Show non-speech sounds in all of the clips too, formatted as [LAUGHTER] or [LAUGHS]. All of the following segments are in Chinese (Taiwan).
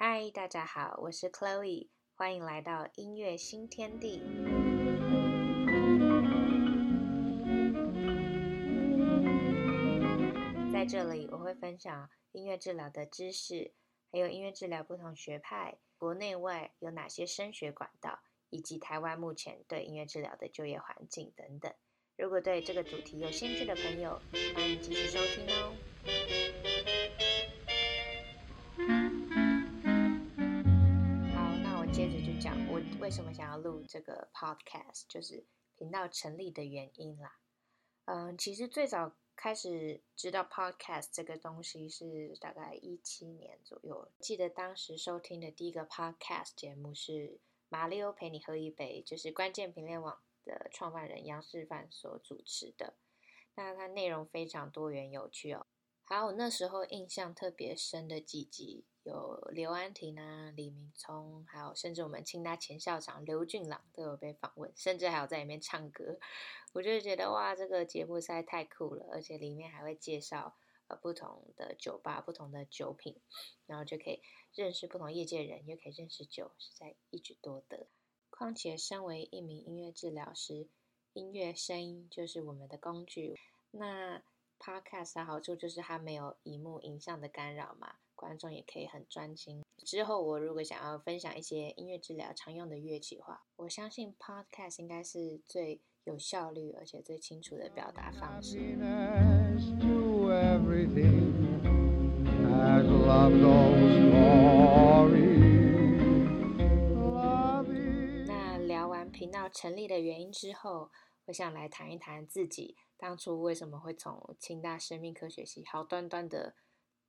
嗨，Hi, 大家好，我是 Chloe，歡迎來到音樂新天地。在這裡，我會分享音樂治療的知識，還有音樂治療不同學派、國內外有哪些升學管道，以及台灣目前對音樂治療的就業環境等等。如果對這個主題有興趣的朋友，歡迎繼續收聽哦。為什麼想要錄這個 podcast，就是頻道成立的原因啦。嗯，其實最早開始知道 podcast 這個東西是大概一七年左右，記得當時收聽的第一個 podcast 節目是《馬力歐陪你喝一杯》，就是關鍵評論網的創辦人楊士範所主持的，那它內容非常多元有趣哦。還有那時候印象特別深的幾集有劉安婷啊、李明聰，還有甚至我們清大前校長劉俊朗都有被訪問，甚至還有在裡面唱歌。我就覺得哇，這個節目實在太酷了，而且裡面還會介紹呃，不同的酒吧、不同的酒品，然後就可以認識不同業界人，也可以認識酒，實在一舉多得。況且身為一名音樂治療師，音樂聲音就是我們的工具，那。Podcast 的好處就是它沒有熒幕影像的干擾嘛，觀眾也可以很專心。之後我如果想要分享一些音樂治療常用的樂器的話，我相信 Podcast 應該是最有效率而且最清楚的表達方式。那聊完頻道成立的原因之後，我想來談一談自己當初為什麼會從清大生命科學系好端端的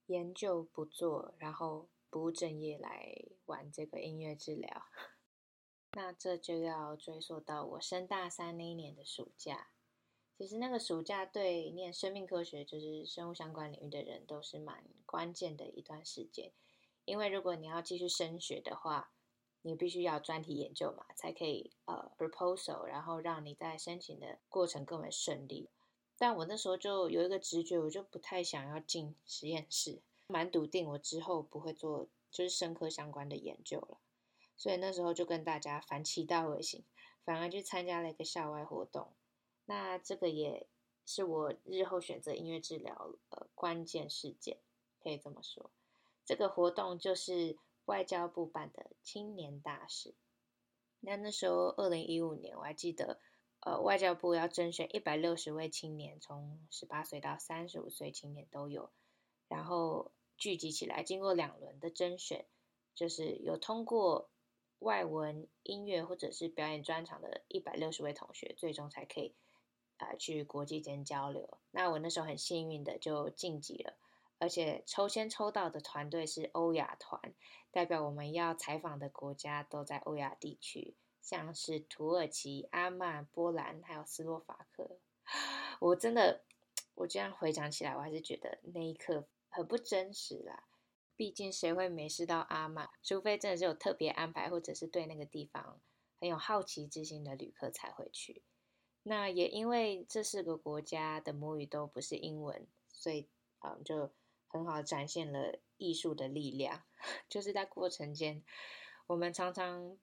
研究不做，然後不務正業來玩這個音樂治療。 [LAUGHS] 那這就要追溯到我升大三那一年的暑假。其實那個暑假對念生命科學，就是生物相關領域的人，都是蠻關鍵的一段時間，因為如果你要繼續升學的話。你必須要專題研究嘛，才可以呃 proposal，然後讓你在申請的過程更為順利。但我那時候就有一個直覺，我就不太想要進實驗室，蠻篤定我之後不會做就是生科相關的研究了。所以那時候就跟大家反其道而行，反而去參加了一個校外活動。那這個也是我日後選擇音樂治療的，呃，關鍵事件，可以這麼說。這個活動就是。外交部辦的青年大使，那那時候二零一五年，我還記得，呃，外交部要徵選一百六十位青年，從十八歲到三十五歲青年都有，然後聚集起來，經過兩輪的甄選，就是有通過外文、音樂或者是表演專場的一百六十位同學，最終才可以啊、呃、去國際間交流。那我那時候很幸運的就晉級了。而且抽籤抽到的團隊是歐亞團，代表我們要採訪的國家都在歐亞地區，像是土耳其、阿曼、波蘭還有斯洛伐克。我真的，我這樣回想起來，我還是覺得那一刻很不真實啦。畢竟誰會沒事到阿曼？除非真的是有特別安排，或者是對那個地方很有好奇之心的旅客才會去。那也因為這四個國家的母語都不是英文，所以，嗯，就。很好展現了藝術的力量，就是在過程間，我們常常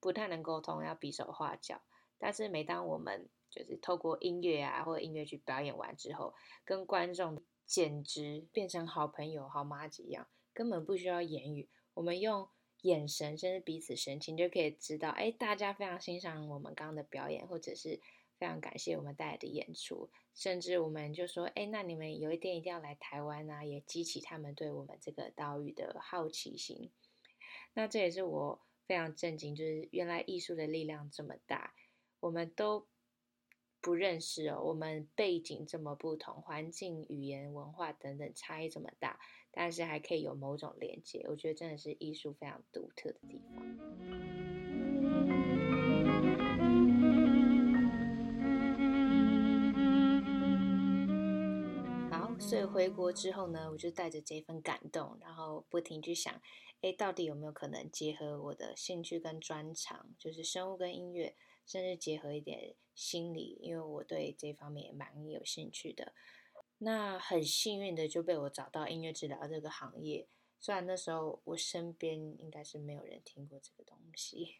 不太能溝通，要比手畫腳。但是每當我們就是透過音樂啊，或音樂劇表演完之後，跟觀眾簡直變成好朋友、好麻吉一樣，根本不需要言語，我們用眼神甚至彼此神情就可以知道，哎，大家非常欣賞我們剛剛的表演，或者是。非常感謝我們帶來的演出，甚至我們就說，哎、欸，那你們有一天一定要來台灣啊，也激起他們對我們這個島嶼的好奇心。那這也是我非常震驚，就是原來藝術的力量這麼大。我們都不認識哦，我們背景這麼不同，環境、語言、文化等等差異這麼大，但是還可以有某種連接，我覺得真的是藝術非常獨特的地方。所以回國之後呢，我就帶着這份感動，然後不停去想：哎，到底有沒有可能結合我的興趣跟專長，就是生物跟音樂，甚至結合一點心理，因為我對這方面也蠻有興趣的。那很幸運的就被我找到音樂治療這個行業。雖然那時候我身邊應該是沒有人聽過這個東西，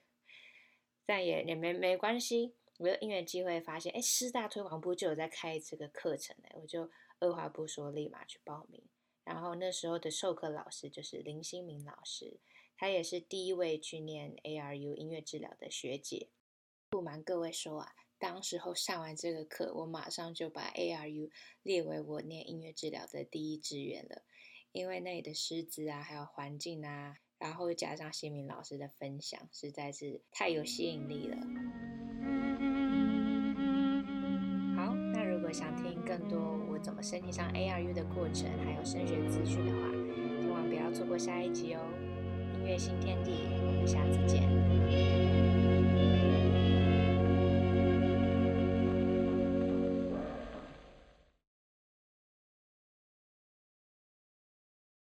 但也也沒沒關係。我有音樂機會發現，哎，師大推廣部就有在開這個課程呢，我就。二話不說，立馬去報名。然後那時候的授課老師就是林新明老師，他也是第一位去念 ARU 音樂治療的學姐。不瞞各位說啊，當時候上完這個課，我馬上就把 ARU 列為我念音樂治療的第一志願了。因為那裡的師資啊，還有環境啊，然後加上新明老師的分享，實在是太有吸引力了。好，那如果想聽更多我。怎麼申請上 ARU 的過程，還有升學資訊的話，千萬不要錯過下一集哦！音樂新天地，我們下次見。